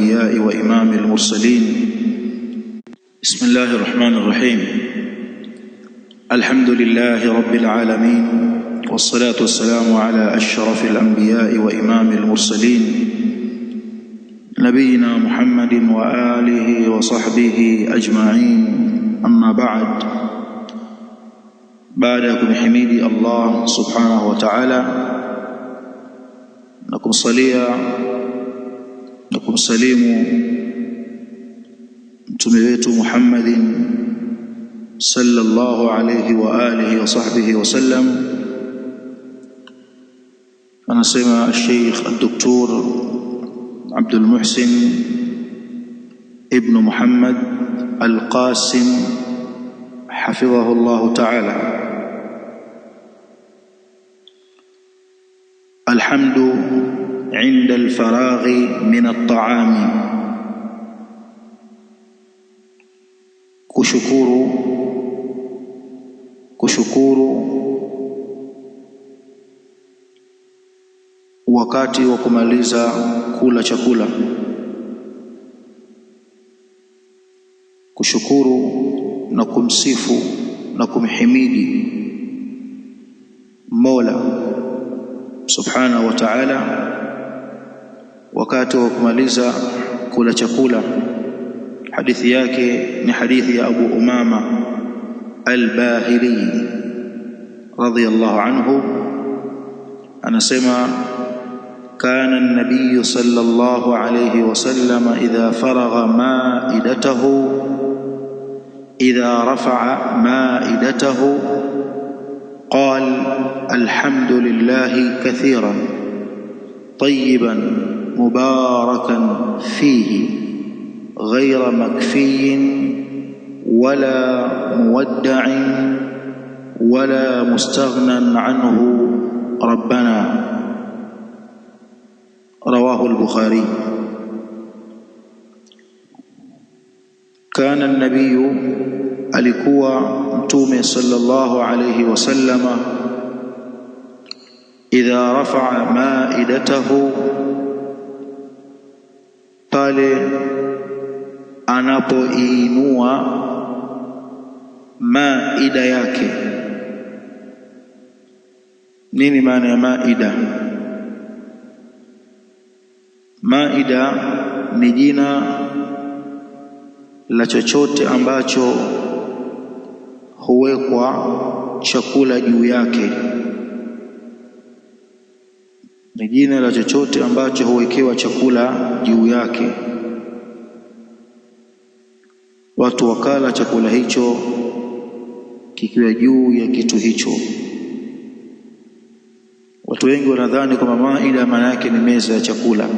الأنبياء وإمام المرسلين بسم الله الرحمن الرحيم الحمد لله رب العالمين والصلاة والسلام على أشرف الأنبياء وإمام المرسلين نبينا محمد وآله وصحبه أجمعين أما بعد بعدكم حميدي الله سبحانه وتعالى wa ta'ala na kumsalimu mtume wetu Muhammadin sallallahu alayhi wa alihi wa sahbihi wa sallam anasema Sheikh Dr. Abdul Muhsin ibn Muhammad Al-Qasim hafidhahu Allah ta'ala الحمد inda alfaraghi min altaami, kushukuru kushukuru wakati wa kumaliza kula chakula, kushukuru na kumsifu na kumhimidi Mola subhanahu wa ta'ala wakati wa kumaliza kula chakula hadithi yake ni hadithi ya Abu Umama Al-Bahili radhiyallahu anhu anasema كان النبي صلى الله عليه وسلم إذا فرغ مائدته إذا رفع مائدته قال الحمد لله كثيرا طيبا مباركا فيه غير مكفي ولا مودع ولا مستغنى عنه ربنا رواه البخاري كان النبي alikuwa mtume sallallahu alayhi wasallama idha رفع ma'idatahu pale anapoiinua maida yake. Nini maana ya maida? Maida ni jina la chochote ambacho huwekwa chakula juu yake ni jina la chochote ambacho huwekewa chakula juu yake, watu wakala chakula hicho kikiwa juu ya kitu hicho. Watu wengi wanadhani kwamba maida maana yake ni meza ya chakula.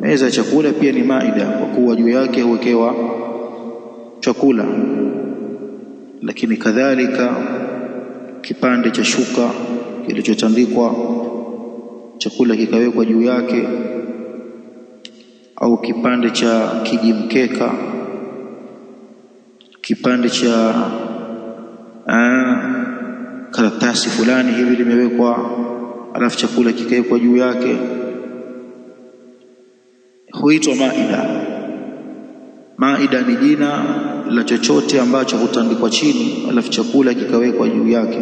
Meza ya chakula pia ni maida, kwa kuwa juu yake huwekewa chakula, lakini kadhalika kipande cha shuka kilichotandikwa chakula kikawekwa juu yake, au kipande cha kijimkeka, kipande cha aa, ah, karatasi fulani hivi limewekwa, alafu chakula kikawekwa juu yake, huitwa maida. Maida ni jina la chochote ambacho hutandikwa chini, alafu chakula kikawekwa juu yake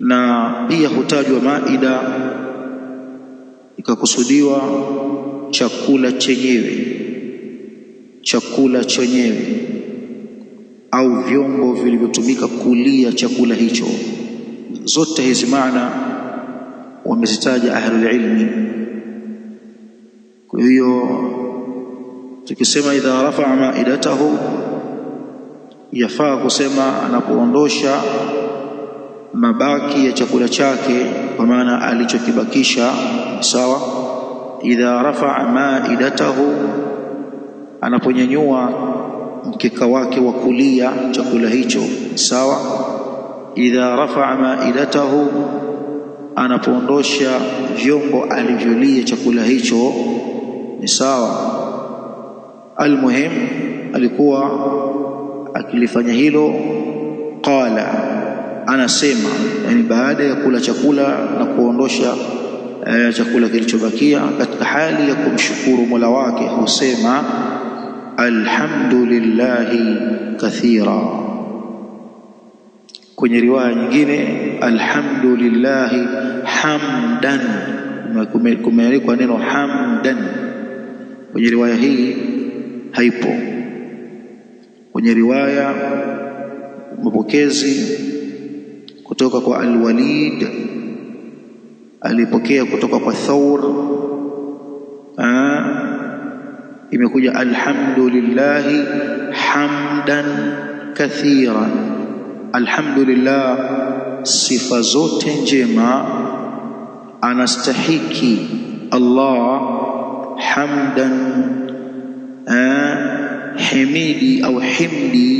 na pia hutajwa maida ikakusudiwa chakula chenyewe, chakula chenyewe au vyombo vilivyotumika kulia chakula hicho. Zote hizi maana wamezitaja ahlul ilmi. Kwa hiyo tukisema idha rafaa maidatahu, yafaa kusema anapoondosha mabaki ya chakula chake, kwa maana alichokibakisha sawa. Idha rafaa maidatahu, anaponyanyua mkeka wake wa kulia chakula hicho sawa. Idha rafaa maidatahu, anapoondosha vyombo alivyolia chakula hicho ni sawa. Almuhim, alikuwa akilifanya hilo qala anasema yani, baada ya kula chakula na kuondosha e, chakula kilichobakia katika hali ya kumshukuru Mola wake husema alhamdulillahi kathira. Kwenye riwaya nyingine alhamdulillahi hamdan, kumeandikwa neno hamdan. Kwenye riwaya hii haipo, kwenye riwaya mapokezi kutoka kwa Alwalid, alipokea kutoka kwa Thawr. Ah, imekuja alhamdulillahi hamdan kathiran. Alhamdulillah, sifa zote njema anastahiki Allah hamdan ha, ah, himidi au himdi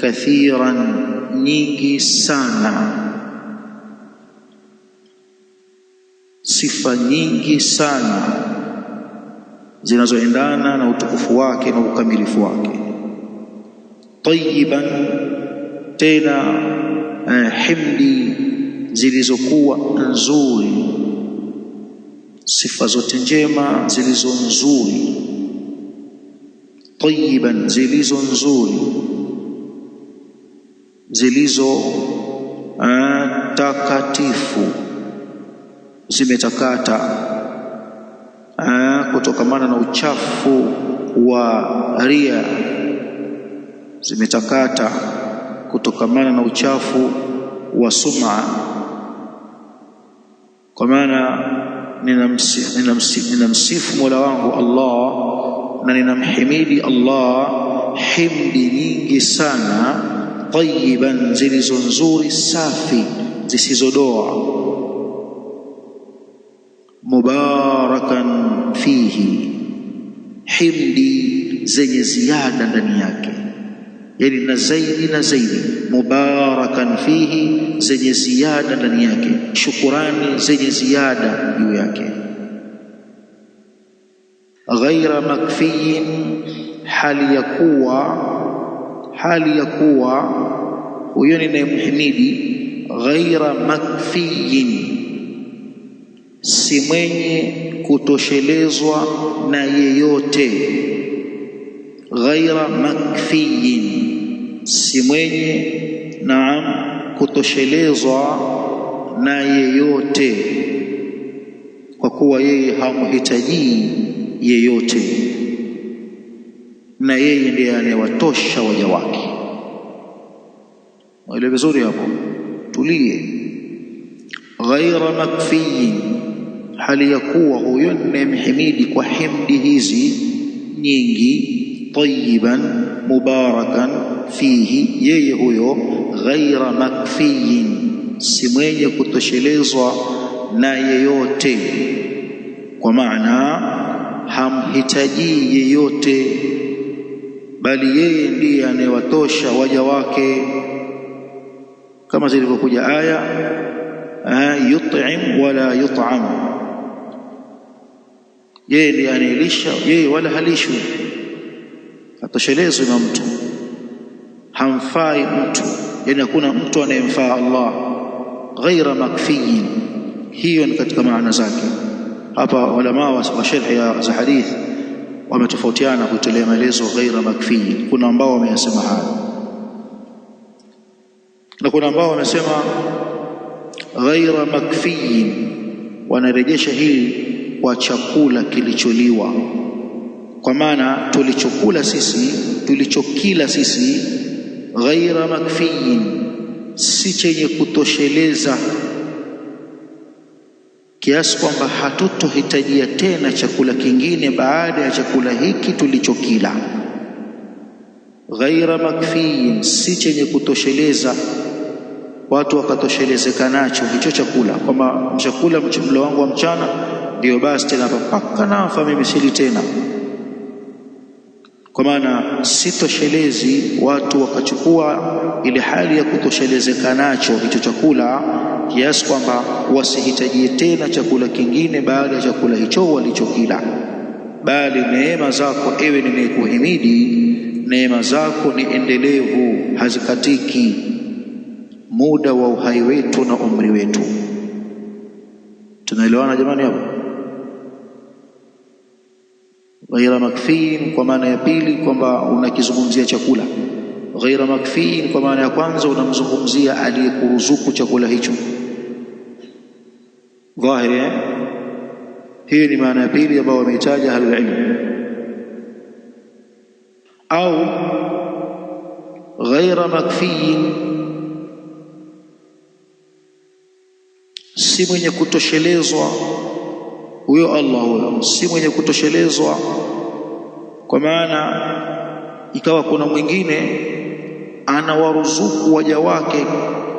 kathiran nyingi sana, sifa nyingi sana zinazoendana na utukufu wake na ukamilifu wake. Tayiban, tena eh, himdi zilizokuwa nzuri, sifa zote njema zilizo nzuri, tayiban zilizo nzuri zilizo ah, takatifu zimetakata ah, kutokamana na uchafu wa ria, zimetakata kutokamana na uchafu wa suma. Kwa maana ninamsifu nina nina Mola wangu Allah na ninamhimidi Allah himdi nyingi sana طيبا زي زلزنزور السافي زسيزودوع مباركا فيه حمدي زي زيادة دنياك يعني نزيد نزيد مباركا فيه زي زيادة دنياك شكران زي زيادة يوياك غير مكفي حال يكون hali ya kuwa huyo ninayemhimidi ghaira makfiyin, si mwenye kutoshelezwa na yeyote. Ghaira makfiyin, si mwenye naam, kutoshelezwa na yeyote, kwa kuwa yeye hamhitajii yeyote na yeye ndiye anayewatosha waja wake. Waelewe vizuri hapo, tulie. Ghaira makfiyin, hali ya kuwa huyo mhimidi kwa himdi hizi nyingi, tayiban mubarakan fihi, yeye huyo ghaira makfiyin, si mwenye kutoshelezwa na yeyote, kwa maana hamhitajii yeyote bali yeye ndiye anayewatosha waja wake, kama zilivyokuja aya yut'im wala yut'am, yeye ndiye anayelisha yeye wala halishwi, hatoshelezwi na mtu, hamfai mtu, yani hakuna mtu anayemfaa Allah. Ghaira makfiyin, hiyo ni katika maana zake hapa. Walamaa wa sharhi za hadithi wametofautiana na kutolea maelezo ghaira makfi Kuna ambao wameyasema hayo na kuna ambao wamesema ghaira makfi, wanarejesha hili kwa chakula kilicholiwa, kwa maana tulichokula sisi, tulichokila sisi ghaira makfi, si chenye kutosheleza kiasi kwamba hatutohitajia tena chakula kingine baada ya chakula hiki tulichokila. Ghaira makfiin, si chenye kutosheleza, watu wakatoshelezeka nacho hicho chakula, kwamba chakula mlo wangu wa mchana ndio basi, tena mpaka nafa mimi sili tena. Kwa maana sitoshelezi watu wakachukua ile hali ya kutoshelezeka nacho hicho chakula kiasi kwamba wasihitajie tena chakula kingine baada ya chakula hicho walichokila, bali neema zako ewe ninayekuhimidi, neema zako ni endelevu, hazikatiki muda wa uhai wetu na umri wetu. Tunaelewana jamani hapo? Ghaira makfiin, kwa maana ya pili kwamba unakizungumzia chakula. Ghaira makfiin, kwa maana ya kwanza unamzungumzia aliyekuruzuku chakula hicho. Dhahiri eh? hiyo ni maana ya pili ambayo wameitaja ilm Au ghaira makfiin, si mwenye kutoshelezwa huyo Allah huyo si mwenye kutoshelezwa, kwa maana ikawa kuna mwingine anawaruzuku waja wake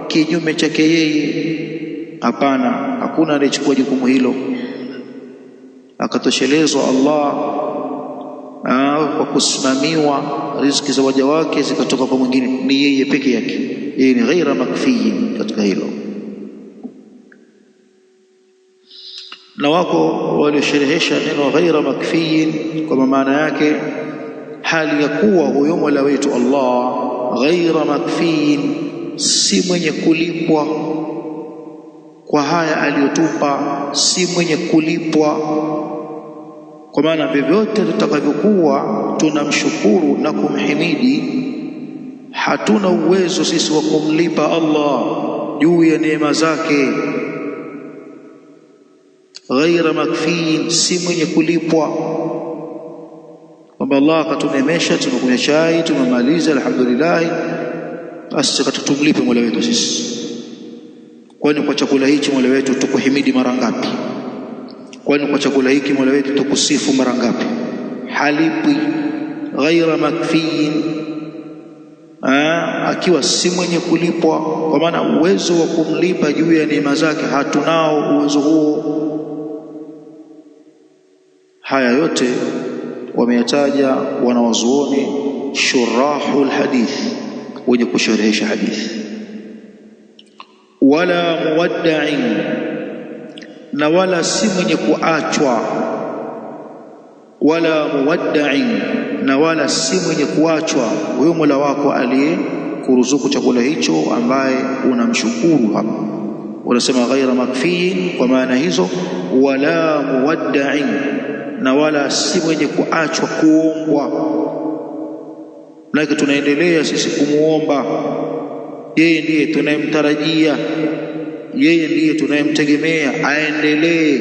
kinyume chake yeye. Hapana, hakuna anayechukua jukumu hilo akatoshelezwa Allah kwa kusimamiwa riziki za waja wake zikatoka kwa mwingine, ni yeye peke yake. Yeye ni ghaira makfiin katika hilo. na wako waliosherehesha neno ghaira makfiin kwa maana yake hali ya kuwa huyo Mola wetu Allah ghaira makfiin, si mwenye kulipwa kwa haya aliyotupa, si mwenye kulipwa kwa maana vyovyote tutakavyokuwa tunamshukuru na kumhimidi, hatuna uwezo sisi wa kumlipa Allah juu ya neema zake ghaira makfiin, si mwenye kulipwa. Kwamba Allah akatunemesha, tumekunywa chai, tumemaliza alhamdulillah, basi tumlipe mola wetu sisi. Kwani kwa chakula hichi mola wetu tukuhimidi mara ngapi? Kwani kwa chakula hiki mola wetu tukusifu mara ngapi? Halipwi, ghaira makfiin akiwa si mwenye kulipwa, kwa maana uwezo wa kumlipa juu ya neema zake hatunao uwezo huo. Haya yote wameyataja wanawazuoni shurahu lhadithi, wenye kusherehesha hadithi. Wala muwaddain, na wala si mwenye kuachwa. Wala muwaddai na wala si mwenye kuachwa huyo mola wako aliye kuruzuku chakula hicho, ambaye unamshukuru hapa unasema ghaira makfiin, kwa maana hizo. Wala muwaddain na wala si mwenye kuachwa kuombwa. manake tunaendelea sisi kumwomba yeye, ndiye tunayemtarajia yeye, ndiye tunayemtegemea aendelee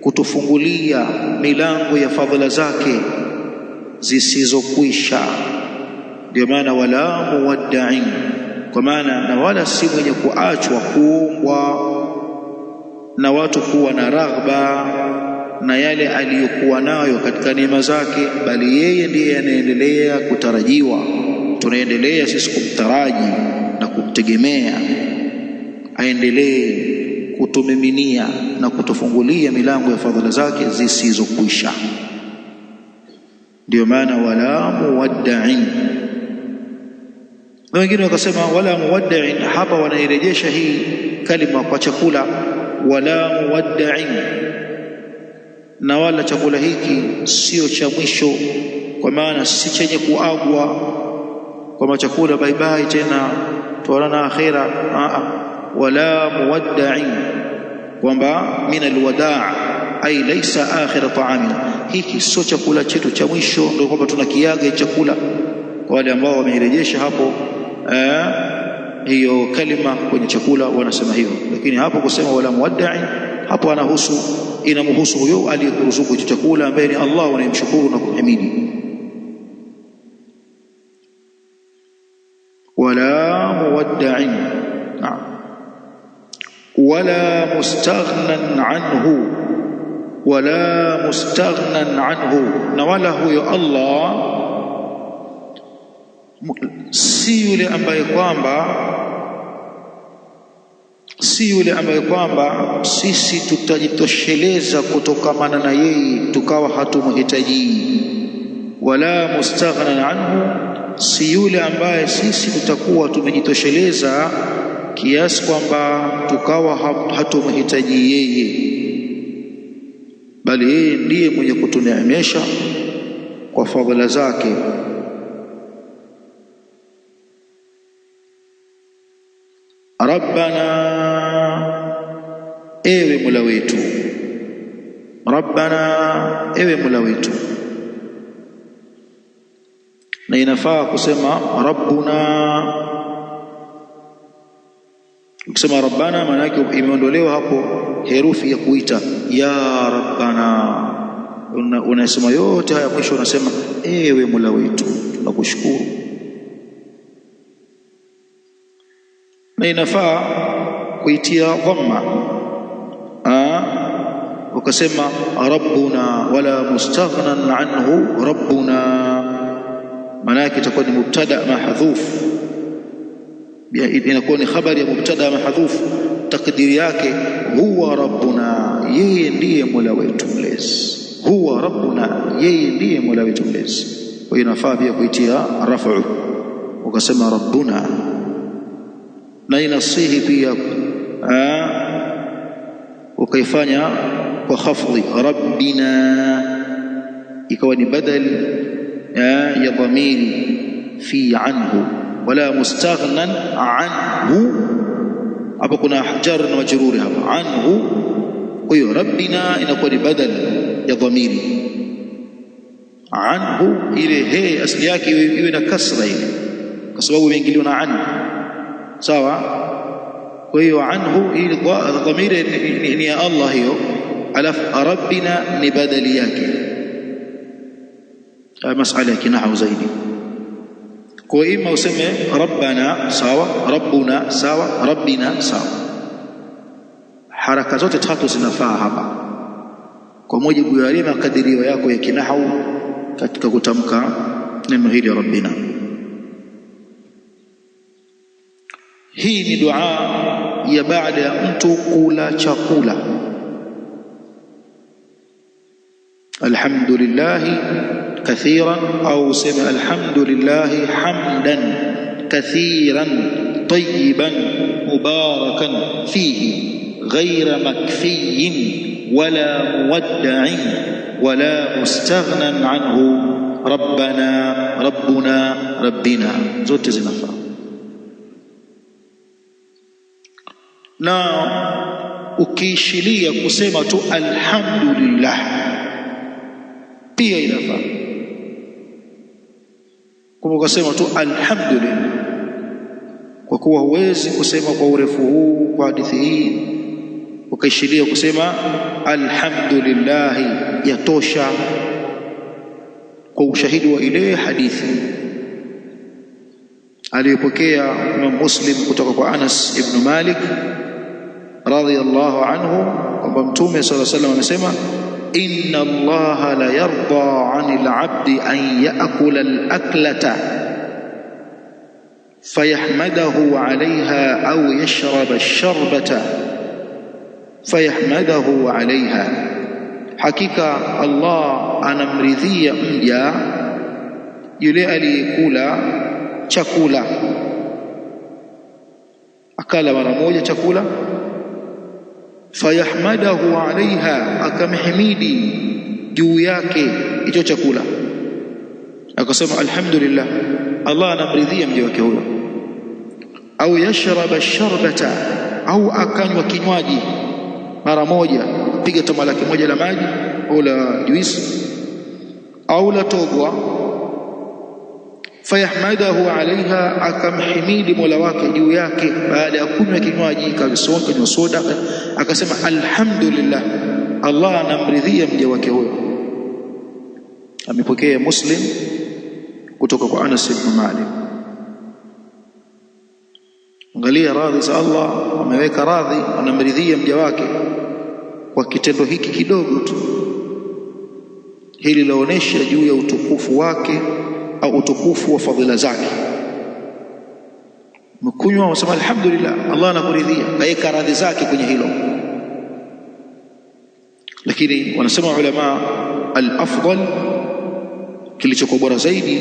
kutufungulia milango ya fadhila zake zisizokwisha. Ndio maana wala muwaddain, kwa maana na wala si mwenye kuachwa kuombwa na watu kuwa na raghba na yale aliyokuwa nayo katika neema zake, bali yeye ndiye anaendelea kutarajiwa. Tunaendelea sisi kumtaraji na kumtegemea, aendelee kutumiminia na kutufungulia milango ya fadhila zake zisizokwisha. Ndiyo maana wala muwaddain, na wengine wakasema wala muwaddain, hapa wanairejesha hii kalima kwa chakula, wala muwaddain na wala chakula hiki sio cha mwisho, kwa maana si chenye kuagwa kwamba chakula baibai tena twaonana akhera. Wala muwaddai, kwamba min alwadaa ai laisa akhira taamina, hiki sio chakula chetu cha mwisho. Ndio kwamba kiaga chakula kwa wale ambao wameirejesha hapo hiyo kalima kwenye chakula wanasema hivyo, lakini hapo kusema wala muwaddai hapo anahusu inamhusu huyo aliyeruzuku chakula ambaye ni Allah anayemshukuru na kumhimidi. wala muwadda'in na'am wala mustaghnan anhu wala mustaghnan anhu, na wala huyo Allah si yule ambaye kwamba si yule ambaye kwamba sisi tutajitosheleza kutokamana na yeye tukawa hatumhitaji, wala mustaghnan anhu, si yule ambaye sisi tutakuwa tumejitosheleza kiasi kwamba tukawa hatumhitaji yeye, bali yeye ndiye mwenye kutuneemesha kwa fadhila zake. rabbana ewe mula wetu, rabbana, ewe mula wetu. Na inafaa kusema rabbuna. Ukisema rabbana, maana yake imeondolewa hapo herufi ya kuita ya rabbana. Unasema una yote haya, mwisho unasema ewe mula wetu, tunakushukuru. Na inafaa kuitia dhamma ukasema rabbuna wala mustaghnan anhu rabbuna, maana yake itakuwa ni mubtada mahdhuf, inakuwa ni habari ya mubtada mahdhuf. Takdiri yake huwa rabbuna, yeye ndiye mola wetu mlezi. Huwa rabbuna, yeye ndiye mola wetu mlezi. Kwa hiyo inafaa pia kuitia rafu, ukasema rabbuna, na inasihi pia eh, ukaifanya وخفض ربنا يكون بدل يا ضمير في عنه ولا مستغنى عنه أبو كنا حجر وجرورها عنه قوي ربنا إن قوي بدل يا ضمير عنه إلى هي أسلياك يوين كسر إلى كسبه من عنه سوا قوي عنه إلى ضمير إن يا الله alafu rabbina ni badali yake. Haya masala ya kinahu zaidi. Kwa ima useme rabbana sawa, rabbuna sawa, rabbina sawa. Haraka zote tatu zinafaa hapa kwa mujibu ya yale makadirio yako ya kinahu katika kutamka neno hili rabbina. Hii ni dua ya baada ya mtu kula chakula الحمد لله كثيرا أو سمع الحمد لله حمدا كثيرا طيبا مباركا فيه غير مكفي ولا مودع ولا مستغنى عنه ربنا ربنا ربنا زوت زنفا na ukiishilia kusema tu alhamdulillah pia inafaa. Kama ukasema tu alhamdulillah, kwa kuwa huwezi kusema kwa urefu huu kwa hadithi hii ukaishiria kusema alhamdulillah, yatosha kwa ushahidi wa ile hadithi aliyopokea Imam Muslim kutoka kwa Anas ibn Malik radhiyallahu anhu kwamba Mtume sallallahu alaihi wasallam amesema إن الله ليرضى عن العبد أن يأكل الأكلة فيحمده عليها أو يشرب الشربة فيحمده عليها حقيقة الله أنا مرضية مجا يلي ألي كولا تشكولا أكل مرموجة تشكولا fayahmadahu alaiha, akamhimidi juu yake hicho chakula, akasema alhamdulillah, Allah anamridhia mja wake huyo. Au yashraba sharbata, au akanywa kinywaji mara moja, piga tama lake moja la maji au la juisi au la togwa fayahmadahu alaiha, akamhimidi mola wake juu yake. Baada ya kunywa kinywaji kanywa soda, akasema alhamdulillah, Allah anamridhia mja wake huyo. Amepokea Muslim kutoka kwa Anas ibn Malik. Angalia radhi za Allah, ameweka radhi, anamridhia mja wake kwa kitendo hiki kidogo tu. Hili laonesha juu ya utukufu wake au utukufu wa fadhila zake. Mkunywa wasema alhamdulillah, Allah anakuridhia, na yeye karadhi zake kwenye hilo. Lakini wanasema ulama, alafdal afdal kilichokuwa bora zaidi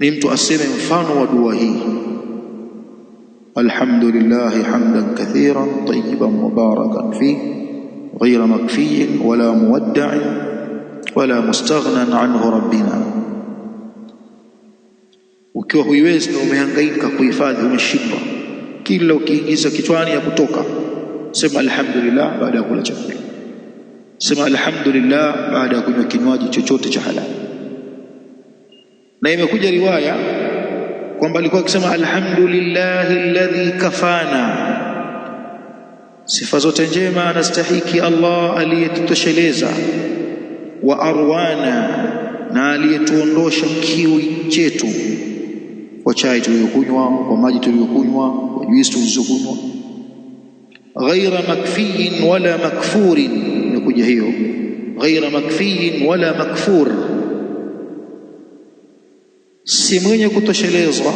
ni mtu aseme mfano wa dua hii alhamdulillahi hamdan kathiran tayyiban mubarakan fi ghayra makfiyin wala muwaddain wala mustaghnan anhu rabbina Ukiwa huiwezi na umehangaika kuhifadhi, umeshindwa, kila ukiingiza kichwani ya kutoka, sema alhamdulillah baada ya kula chakula, sema alhamdulillah baada ya kunywa kinywaji chochote cha halali. Na imekuja riwaya kwamba alikuwa akisema alhamdulillahi alladhi kafana sifa zote njema anastahiki Allah aliyetutosheleza, wa arwana, na aliyetuondosha kiu chetu kwa chai tuliyokunywa, kwa maji tuliyokunywa, kwa juisi tulizokunywa. Ghaira makfiin wala makfurin, inakuja hiyo ghaira makfiin wala makfur, si mwenye kutoshelezwa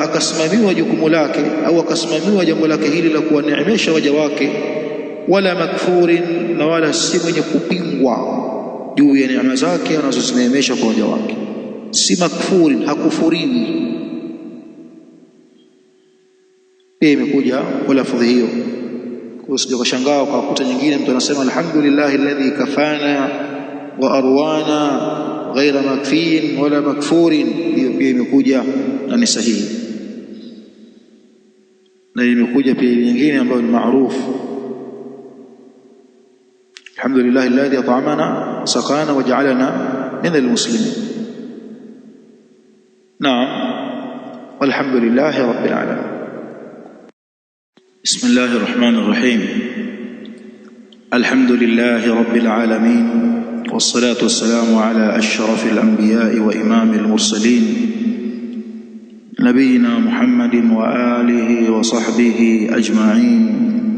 akasimamiwa jukumu lake au akasimamiwa jambo lake hili la kuwaneemesha waja wake, wala makfurin, na wala si mwenye kupingwa juu ya neema zake anazozineemesha kwa waja wake si makfuri hakufurini. Pia imekuja kwa lafdhi hiyo, kusija ukashangaa ukakuta nyingine mtu anasema alhamdulillahi alladhi kafana wa arwana ghaira makfiin wala makfurin. Hiyo pia imekuja na ni sahihi, na imekuja pia nyingine ambayo ni maarufu alhamdulillahi alladhi at'amana sakana wa ja'alana min almuslimin نعم والحمد لله رب العالمين بسم الله الرحمن الرحيم الحمد لله رب العالمين والصلاة والسلام على أشرف الأنبياء وإمام المرسلين نبينا محمد وآله وصحبه أجمعين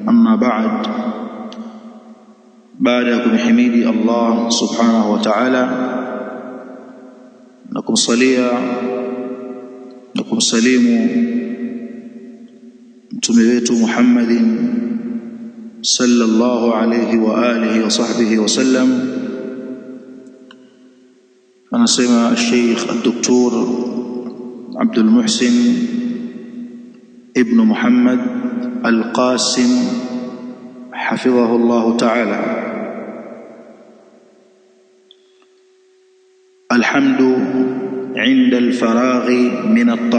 أما بعد بعدكم حميد الله سبحانه وتعالى نقوم صليا kumsalimu mtume wetu Muhammadin sallallahu alayhi wa alihi wa sahbihi wa sallam anasema Sheikh Dr. Abdul Muhsin ibn Muhammad Al-Qasim حفظه الله تعالى الحمد inda alfaraghi min at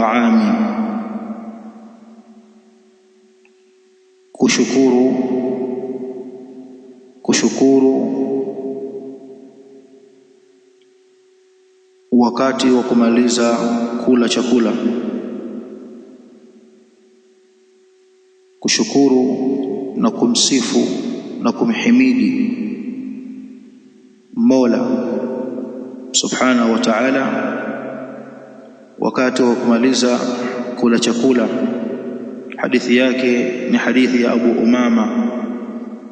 kushukuru kushukuru wakati wa kumaliza kula chakula, kushukuru na kumsifu na kumhimidi Mola subhanahu wa ta'ala wakati wa kumaliza kula chakula. Hadithi yake ni hadithi ya Abu Umama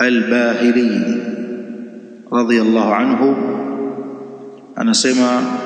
Al-Bahili radhiyallahu anhu anasema